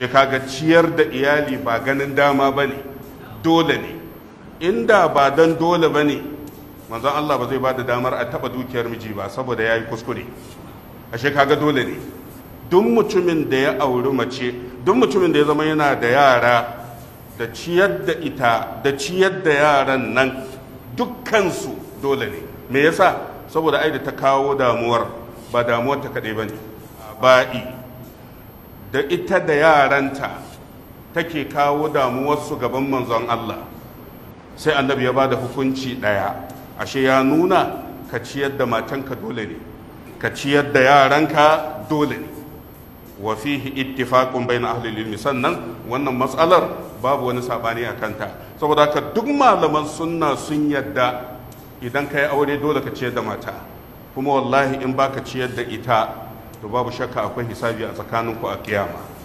ke kaga ciyar da iyali ba ganin dama ba ne dole ne inda ba don dole ba ne manzon Allah ba zai ba da damar a taba dukiyar miji ba saboda ya yi kuskure a kaga dole ne duk mutumin da ya auri mace duk mutumin da ya zama yana da yara da ciyar da ita da ciyar da yaran nan dukkansu dole ne me yasa saboda ai da ta kawo damuwar ba damuwar ta kaɗai ba ne ba'i da ita da yaranta take kawo damuwarsu gaban manzon Allah sai annabi ya ba da hukunci ɗaya ashe ya nuna ka ciyar da matanka dole ne ka ciyar da yaranka dole ne wa fihi ittifaqun bayna ahli ilmi sannan wannan matsalar babu wani sabani a kanta saboda haka duk malaman sunna sun yadda idan ka yi aure dole ka ciyar da mata kuma wallahi in baka ciyar da ita to babu shakka akwai hisabi a tsakaninku a kiyama